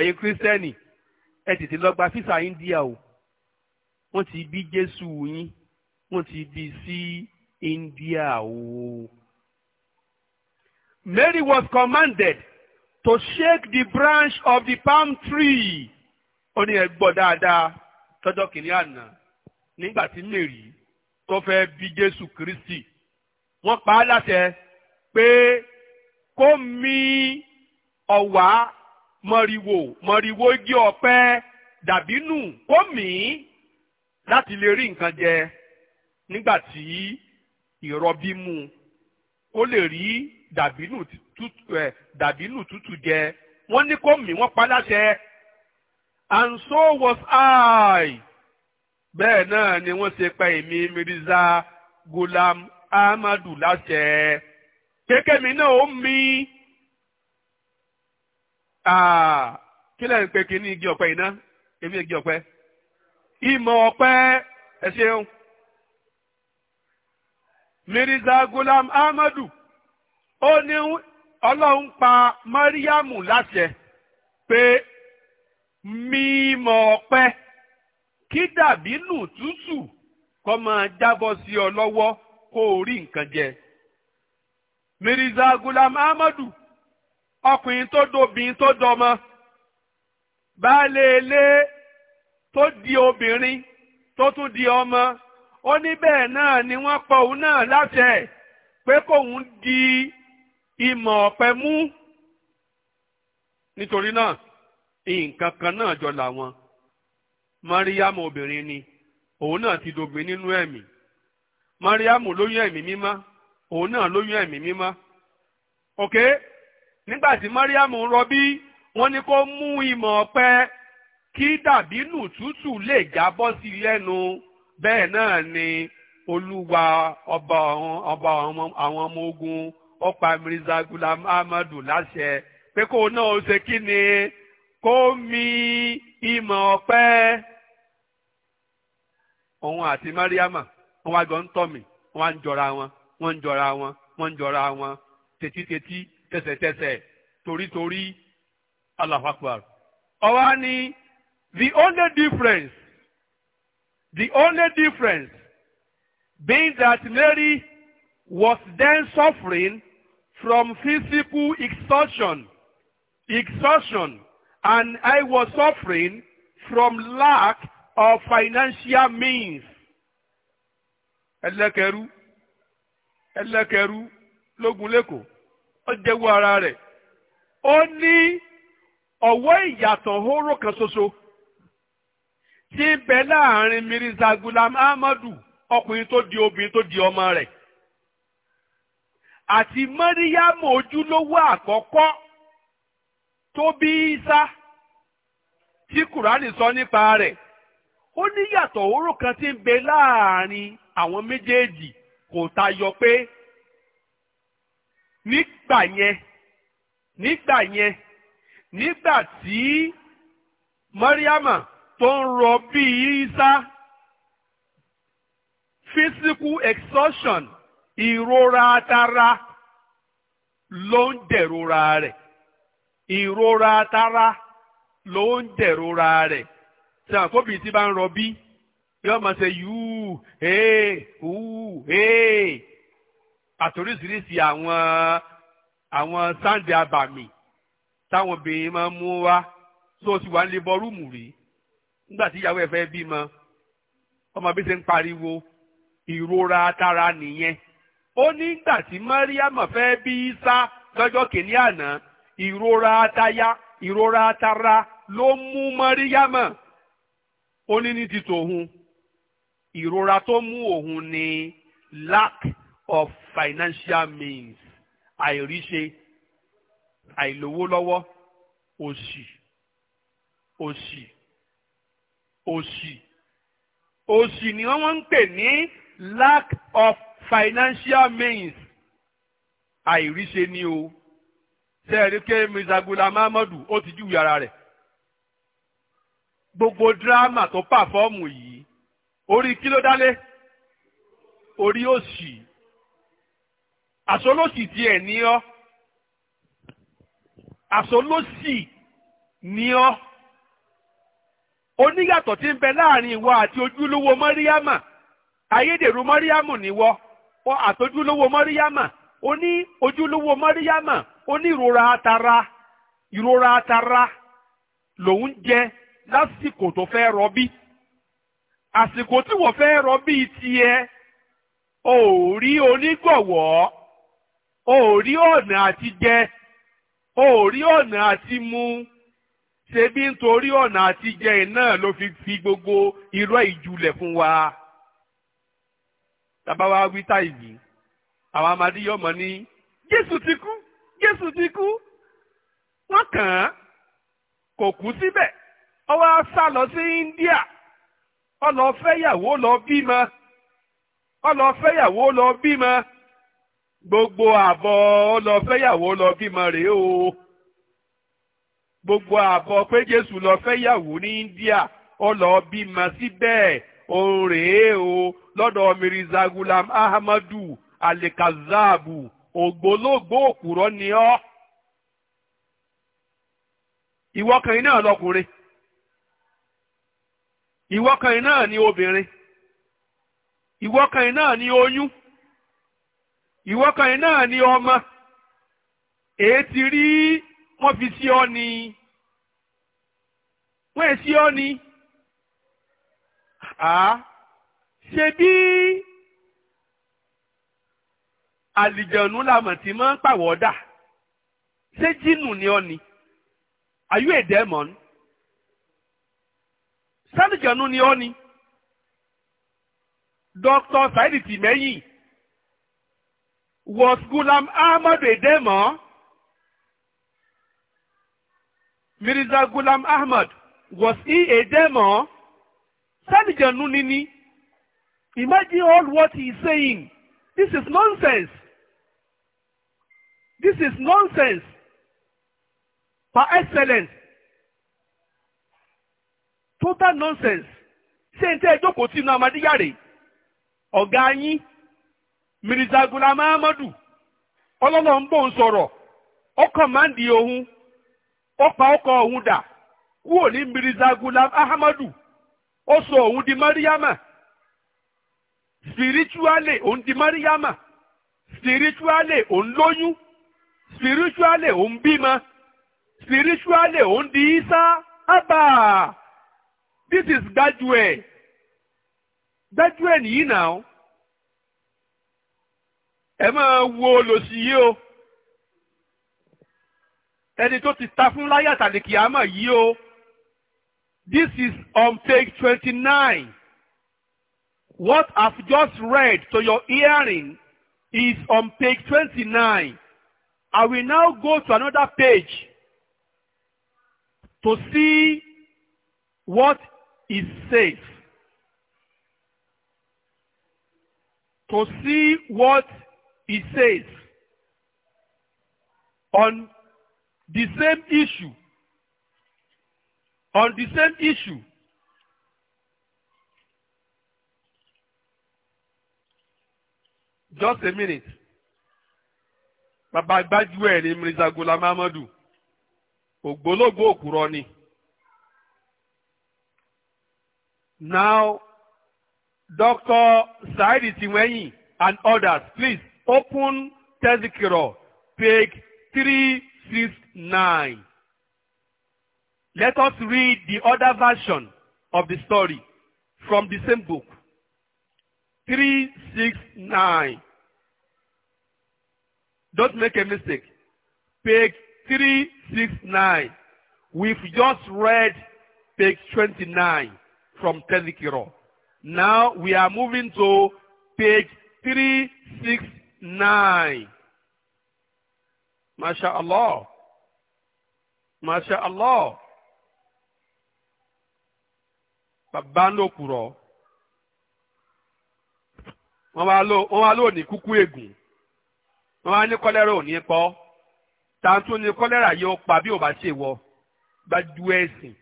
ẹ̀yin kírísítẹ́nì ẹ tètè lọ gba físà India o wọ́n ti bí Jésù yín wọ́n ti bí sí India o. Mary was commanded to shake the branch of the palm tree. ó ní ẹ gbọ́ dáadáa tọ́jọ́ kìíní àná nígbà tí Mary tó fẹ́ bí Jésù Kristi wọ́n pa á láṣẹ pé kó mì ọ̀wá mọ̀rìwò mọ̀rìwò igi ọ̀pẹ dàbínù kó mì í láti lè rí nǹkan jẹ nígbà tí ìrọbí mú kó lè rí dàbínù tútù ẹ dàbínù tútù jẹ wọ́n ní kó mì wọ́n pa láṣẹ and so was I bẹ́ẹ̀ náà ni wọ́n ṣe pa èmi Mirza Gulam Ahmadu láṣẹ kékèmí náà ó mi. Ah, kí lẹ́yìn pé kí ní igi ọ̀pẹ iná èmi igi ọ̀pẹ ìmọ̀ ọ̀pẹ ẹ ṣeun mirza gulam ahmadu ó ní ọlọ́run pa mariamu láṣẹ pé mímọ̀ ọ̀pẹ kí dàbínù tútù kó máa jábọ́ sí ọ lọ́wọ́ kó o rí nǹkan jẹ mirza gulam ahmadu. ọkùnrin tó dobìnrin tó dọmọ baálé ilé tó di obìnrin tó tún di ọmọ ó ní bẹ́ẹ̀ náà ni wọ́n pọ̀ òun náà láṣẹ pé kóun di ìmọ̀ ọ̀pẹ mú nítorí náà nǹkan kan náà jọ làwọn mariamu obìnrin ni òun náà ti dògbìn nínú ẹ̀mí mariamu lóyún ẹ̀mí mímá òun náà lóyún ẹ̀mí mímá okay nígbà tí Mariam ń rọbí wọ́n ní kó mú ìmọ̀ ọ̀pẹ kí dàbínù tútù lè jábọ́ sí lẹ́nu bẹ́ẹ̀ náà ni olúwa ọba ọba àwọn ọmọ ogun ó pa Mirza Gulam Ahmadu láṣẹ pé kó náà ṣe kí ni kó mi ìmọ̀ ọ̀pẹ òun àti Mariama wọ́n wá jọ ń tọ̀ mí wọ́n á ń jọra wọn wọ́n ń jọra wọn wọ́n ń jọra wọn tètítètí tẹsẹ̀tẹsẹ̀ torítorí Allahu Akbar. ọ̀wá ni the only difference the only difference being that Mary was then suffering from physical exhaustion exhaustion and I was suffering from lack of financial means. ẹlẹ́kẹ̀rú ẹlẹ́kẹ̀rú lógun lẹ́kọ̀ọ́ ó ara rẹ̀ ó ní ọ̀wọ́ ìyàtọ̀ hóró kan ṣoṣo tí ń bẹ láàrin Mirza Gulam Ahmadu ọkùnrin tó di obìnrin tó di ọmọ rẹ̀ àti Mọ́ríyámù ojúlówó àkọ́kọ́ tó bí isa, tí Kùránì sọ nípa rẹ̀ ó ní yàtọ̀ hóró kan ti ń bẹ láàrin àwọn méjèèjì kò tayọ nígbà yẹn nígbà yẹn nígbà tí mọ́ríàmà tó ń rọ bí Ìsá physical exhaustion ìrora tara ló ń dẹ̀rora rẹ̀ ìrora tara ló ń dẹ̀rora rẹ̀ tí àkóbì tí bá ń rọ bí yóò máa ṣe yúù èè hù àtòríṣiríṣi àwọn àwọn sáǹdì abàmì táwọn obìnrin máa ń mú wá tó ti wà ń lè bọ rúùmù rí nígbà tí ìyàwó ẹ̀ fẹ́ bímọ ọmọ bí ṣe ń pariwo ìrora tara nìyẹn ó nígbà tí Mariam fẹ́ bí Isa lọ́jọ́ kìíní àná ìrora ataya ìrora atara ló mú Mariam ó ní ní ti tòun ìrora tó mú òun ni lack of financial means àìríṣe àìlówó lọ́wọ́ òṣì òṣì òṣì òṣì ni wọ́n wọ́n ń pè ní lack of financial means àìríṣe ni o sẹ́ẹ̀ríkẹ́ mizagula mahamadu ó ti júwe ara rẹ̀ gbogbo dírámà tó pàfọ́ọ̀mù yìí orí kí ló dálé orí òṣì àsolóṣì tiẹ̀ ní ọ́ àsolóṣì ní ọ́ oníyàtọ̀ tí ń bẹ láàrin ìwọ àti ojúlówó mọ́ríyámà ayédèrú mọ́ríyámù níwọ àtọ́júlówó mọ́ríyámà ó ní ojúlówó mọ́ríyámà ó ní ìrora atara ìrora atara lòun jẹ lásìkò tó fẹ́ rọbí àsìkò tí wọ́n fẹ́ rọbí tiẹ̀ ò rí onígbọ̀wọ́. o ò rí ọ̀nà àti jẹ o ọ̀nà àti mu ṣebí nítorí ọ̀nà àti jẹ iná ló fi fi gbogbo irọ́ ìjulẹ̀ fún wa. tàbá wa wí táìbì àwọn amadíyọ̀mọ̀ ní Jésù ti kú Jésù ti kú wọn kàn án kò kú síbẹ̀ ó wá sá lọ sí India ó lọ fẹ́yàwó lọ bímọ ó lọ fẹ́yàwó lọ bímọ. gbogbo àbọ̀ ọlọ fẹ́yàwó lọ bímọ rèé o gbogbo àbọ̀ pé jésù lọ fẹ́yàwó ní india ọlọ bímọ síbẹ̀ òun rèé o lọ́dọ̀ mirza gulam ahmadu alikazabu ògbólógbò òkúrọ́ ni ọ́ ìwọ́kànnì náà lọkùnrin ìwọ́kànnì náà ni obìnrin ìwọ́kànnì náà ni oyún. ìwọ́kàn yìí náà ni ọmọ èyí ti rí wọ́n fi sí ọ ni wọ́n è sí ọ ni ṣe bí àlìjọ̀nù làmọ̀ tí máa ń pàwọ́dà ṣé jínù ni ọ ni are you a demon sálìjọ̀nù ni ọ ni Dr. Saidi Tìmẹ́yìn. Was Gulam Ahmad a Mirza Gulam Ahmad, was he a Demo? Salijan Nunini, imagine all what he is saying. This is nonsense. This is nonsense. Par excellence. Total nonsense. Ṣé n tẹ́ ẹ jókòó sínú Amadíyàrè? Ọ̀gá yín mirza gulam ahmadu ọlọlọ ń bò ń sọ̀rọ̀ ọkọ̀ máa ń di ohun ó pa ọkọ̀ ọ̀hún dà kúrò ní mirza gulam ahmadu ó sọ òun di mariama spiritually òun di mariama spiritually òun lóyún spiritually òun bímọ spiritually òun di isa abba this is graduate. graduate gbájú ẹ̀ náà. ẹ máa wo olòṣì yìí o ẹni tó ti ta fún láyé àtàlẹ́kì àmọ́ yìí o this is on page twenty-nine what I've just read to your hearing is on page twenty-nine I will now go to another page to see what is safe. To see what He says, on the same issue, on the same issue, just a minute, bàbá gbájú ẹ̀ Mirza Ghulam Ahmadu, ògbólógbò òkúrọ́ ni. Now, Dr. Saidi Tiwenyi and others, please open tezikiro page three six nine. Let us read the other version of the story from the same book. Three six nine. Don't make a mistake. Page three six nine. We've just read page twenty-nine from Tezikiro. Now we are moving to page three six nine masha allah masha allah bàbá ń lò kúrọ wọn wá lò wọn wá lò ní kúkú ègùn wọn wá ní kọ́lẹ́rà ò ní pọ̀ tàǹtún ní kọ́lẹ́rà yóò pa bí ò bá ṣe wọ gbájú ẹ̀sìn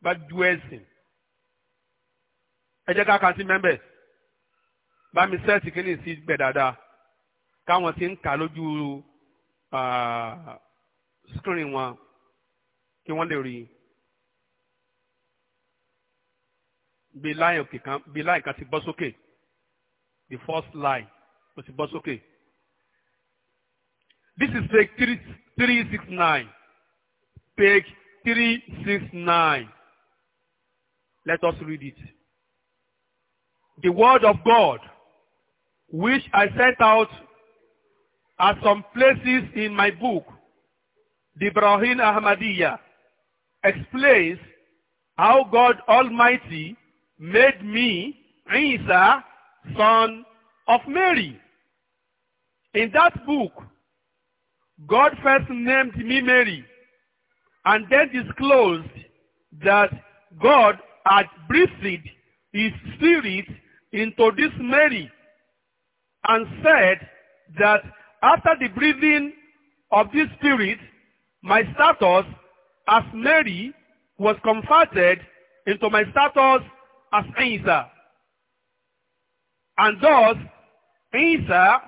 gbájú ẹ̀sìn ẹ jẹ́ ká kan sí mẹ́mbẹ̀ bá mi sẹ́ẹ̀sì kí ni sí gbẹ̀ dáadáa táwọn ti ń kà lójú screen wọn kí wọ́n lè rí i. bí láì òkè kan bí láì kan ti bọ́ sókè the first line ó ti bọ́ sókè. This is page three three six nine page three six nine let us read it. The word of God which I sent out at some places in my book, the Ahmadia Ahmadiyya explains how God Almighty made me, Isa, son of Mary. In that book, God first named me Mary and then disclosed that God had breathed his spirit into this Mary and said that After the breathing of this spirit, my status as Mary was converted into my status as Isa. And thus, Isa,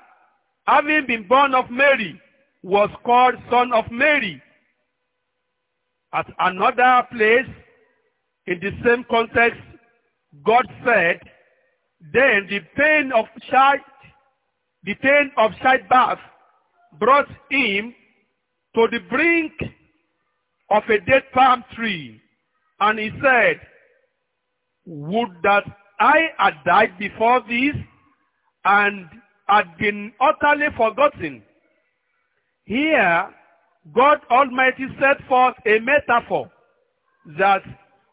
having been born of Mary, was called son of Mary. At another place, in the same context, God said, then the pain of child The pain of side bath brought him to the brink of a dead palm tree, and he said, Would that I had died before this and had been utterly forgotten. Here, God Almighty set forth a metaphor that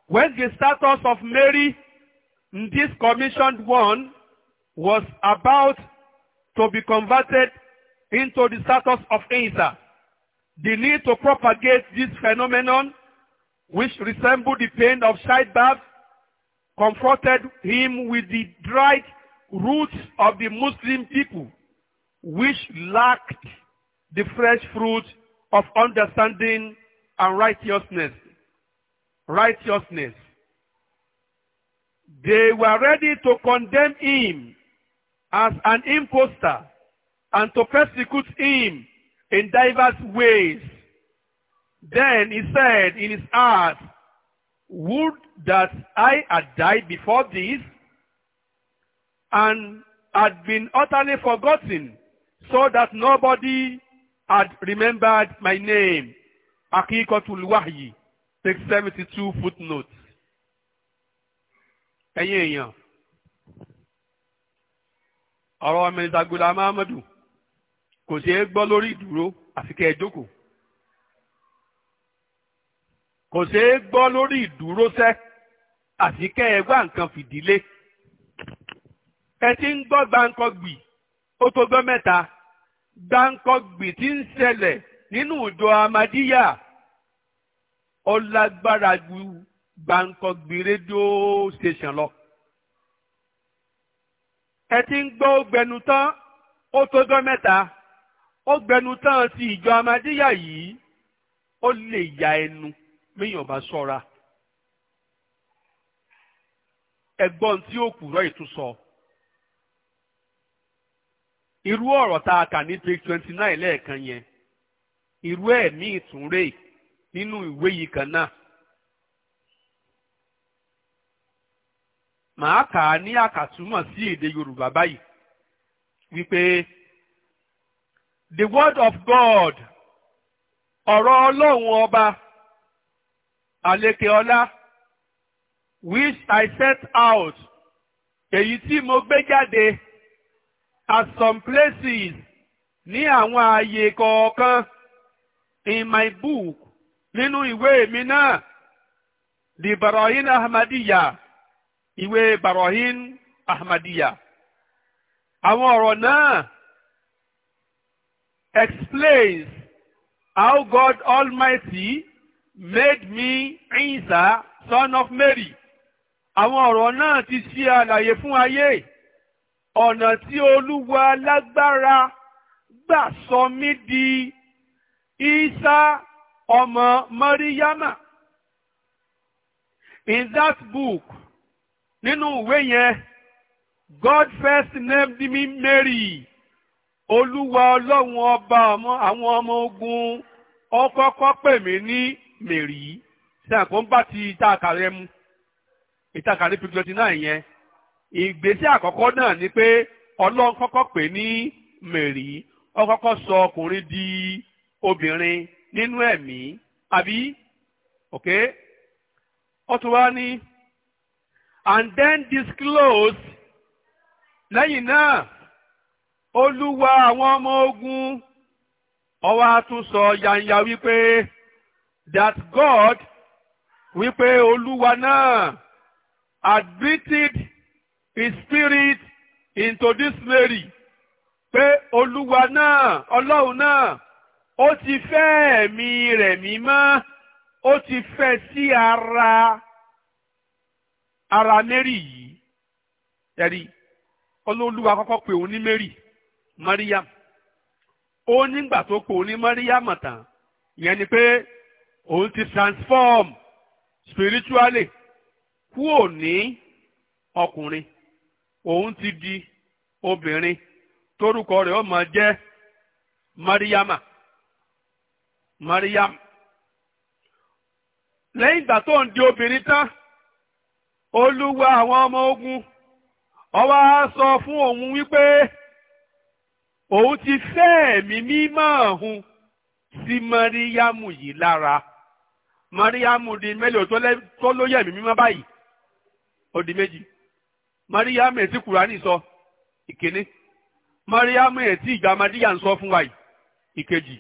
when the status of Mary, this commissioned one, was about to be converted into the status of Isa. The need to propagate this phenomenon, which resembled the pain of childbirth, confronted him with the dried roots of the Muslim people, which lacked the fresh fruit of understanding and righteousness. Righteousness. They were ready to condemn him as an impostor and to persecute him in diverse ways. Then he said in his heart, Would that I had died before this and had been utterly forgotten so that nobody had remembered my name. Akikotul Wahyi, take 72 footnotes. Ẹ̀yin ọ̀rọ̀ mẹ́ta gbọ́dọ̀ amáhàmọ́dù kò sí é gbọ́ lórí ìdúró àfi kẹ́ ẹ jókòó kò sí é gbọ́ lórí ìdúró sẹ́ àfi kẹ́ ẹ wá nǹkan fìdílé ẹ ti ń gbọ́ gbáǹkọ́gbì ó tó gbọ́ mẹ́ta gbáǹkọ́gbì ti ń ṣẹlẹ̀ nínú ìjọ amadíyà ó lágbára ju gbáǹkọ́gbì rédíò station lọ. ẹ ti ń gbọ́ ó gbẹnu tán ó tójọ́ mẹ́ta ó gbẹnu tán ti ìjọ amadíyà yìí ó lè ya ẹnu míyàn bá ṣọ́ra ẹ̀gbọ́n tí ó kùrọ̀ ìtúsọ irú ọ̀rọ̀ tá a kà ní page twenty nine lẹ́ẹ̀kan yẹn irú ẹ̀ ìtúnrẹ́ nínú ìwé yìí kan náà màá kà á ní àkàtúmọ̀ sí èdè Yorùbá báyìí wípé the word of God ọ̀rọ̀ Ọlọ́run ọba àlékè ọlá which I set out èyí tí mo gbé jáde at some places ní àwọn ààyè kọ̀ọ̀kan in my book nínú ìwé mi náà the Ibrahim Ahmadiyya ìwé barahin ahmadiyya àwọn ọ̀rọ̀ náà explains how God Almighty made me Isa son of Mary àwọn ọ̀rọ̀ náà ti ṣe àlàyé fún ayé ọ̀nà tí Olúwa lágbára gbà sọ mí di Isa ọmọ Mariama in that book nínú ìwé yẹn God first name di mi Mary olúwa ọlọ́run ọba àwọn ọmọ ogun ó kọ́kọ́ pè mí ní Mary ṣe àkóńbá ti ìtàkà rẹ mu ìtàkà rẹ pípẹ́ twenty nine yẹn ìgbésẹ̀ àkọ́kọ́ náà ni pé ọlọ́run kọ́kọ́ pè ní Mary ó kọ́kọ́ sọ ọkùnrin di obìnrin nínú ẹ̀mí àbí ok ó wá ní and then disclose lẹ́yìn náà olúwa àwọn ọmọ ogun ó wá yanya wípé that God wípé olúwa náà admitted his spirit into this Mary pé olúwa náà ọlọ́run náà ó ti fẹ́ ẹ̀mí rẹ̀ mímọ́ ó ti fẹ́ sí ara ara mary yìí ẹ̀rí olóòlùwà kọ́kọ́ pè òun ní mary mariam ó nígbà tó pè òun ní mariam tán ìyẹn ni pé òun ti transform spiritually kúò ní ọkùnrin òun ti di obìnrin torúkọ rẹ̀ ó máa jẹ́ mariama mariam lẹ́yìn ìgbà tó ń di obìnrin tán. olúwa àwọn ọmọ ogun ó sọ fún òun wípé òun ti fẹ́ ẹ̀mí mímọ́ ọ̀hún sí mọ́ríyámù yìí lára mọ́ríyámù di mélòó tó lóye ẹ̀mí mímọ́ báyìí ó méjì kùránì sọ ìkíní mọ́ríyámù ètí ìgbà sọ fún wa yìí ìkejì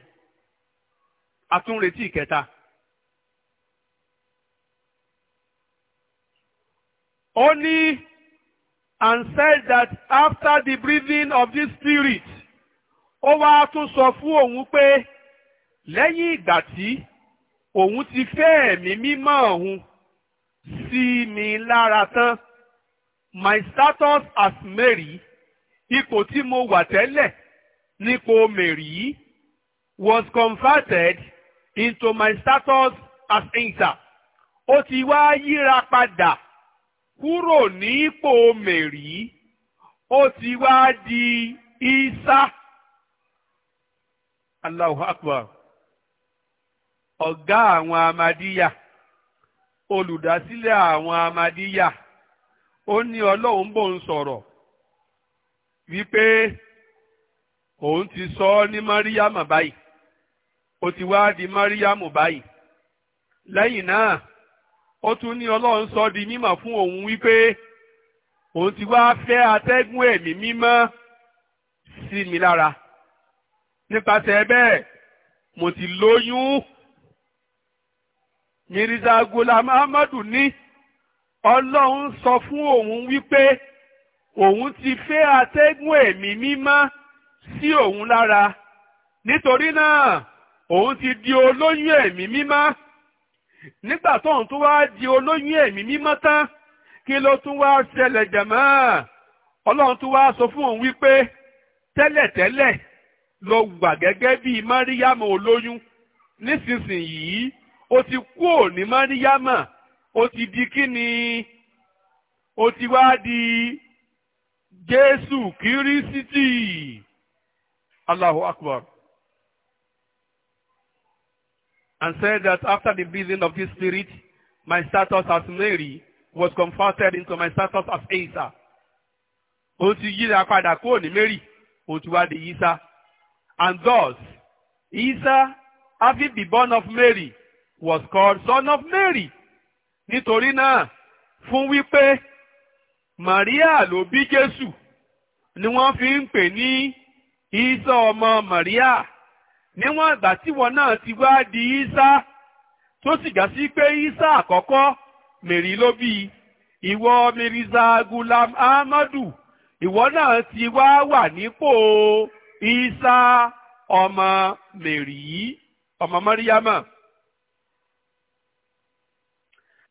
ó ní and said that after the breathing of this spirit ó wá tún sọ fún òun pé lẹ́yìn ìgbà tí òun ti fẹ́ ẹ̀mí mímọ́ òun sí mi lára tán my status as Mary ipò tí mo wà tẹ́lẹ̀ nípò Mary was converted into my status as Inter ó ti wá yíra padà. kúrò ní ipò mẹ̀rí ó ti wá di isa Allahu ọ̀gá àwọn amadíyà olùdásílẹ̀ àwọn amadíyà ó ní ọlọ́run bò ń sọ̀rọ̀ wípé òun ti sọ ọ́ ní Mariam báyìí ó ti wá di Mariam báyìí lẹ́yìn náà ó tún ní ọlọ́run sọ di mímọ̀ fún òun wípé òun ti wá fẹ́ atẹ́gùn ẹ̀mí mímọ́ sí mi lára nípasẹ̀ bẹ́ẹ̀ mo ti lóyún Mirza Ghulam Ahmadu ní ọlọ́run sọ fún òun wípé òun ti fẹ́ atẹ́gùn ẹ̀mí mímọ́ sí òun lára nítorí náà òun ti di olóyún ẹ̀mí mímọ́ nígbà tóun tó wá di olóyún ẹ̀mí mímọ́ tán kí ló tún wá ṣẹlẹ̀ jẹ̀mọ́ ọlọ́run tún wá sọ fún òun wípé tẹ́lẹ̀tẹ́lẹ̀ ló wà gẹ́gẹ́ bíi máríyámà olóyún nísinsìnyí ó ti kúò ní máríyámà ó ti di kí ni ó ti wá di jésù kírísítì Allahu akbar and said that after the breathing of this spirit, my status as Mary was converted into my status as Isa. Ó ti yíra padà kúrò ní Mary, ó ti di Isa. And thus, Isa, having been born of Mary, was called son of Mary. Nítorí náà, fún wípé Màríà ló bí Jésù ni wọ́n fi ń pè ní Isa ọmọ Màríà níwọ̀n ìgbà tíwọ̀n náà ti wá di Ìsá tó sì gà sí pé Ìsá àkọ́kọ́ mèrí ló bí ìwọ Mirza Gulam Amadu. ìwọ náà ti wá wà nípò Ìsá ọmọ mèrí ọmọ mọ́ríyámà.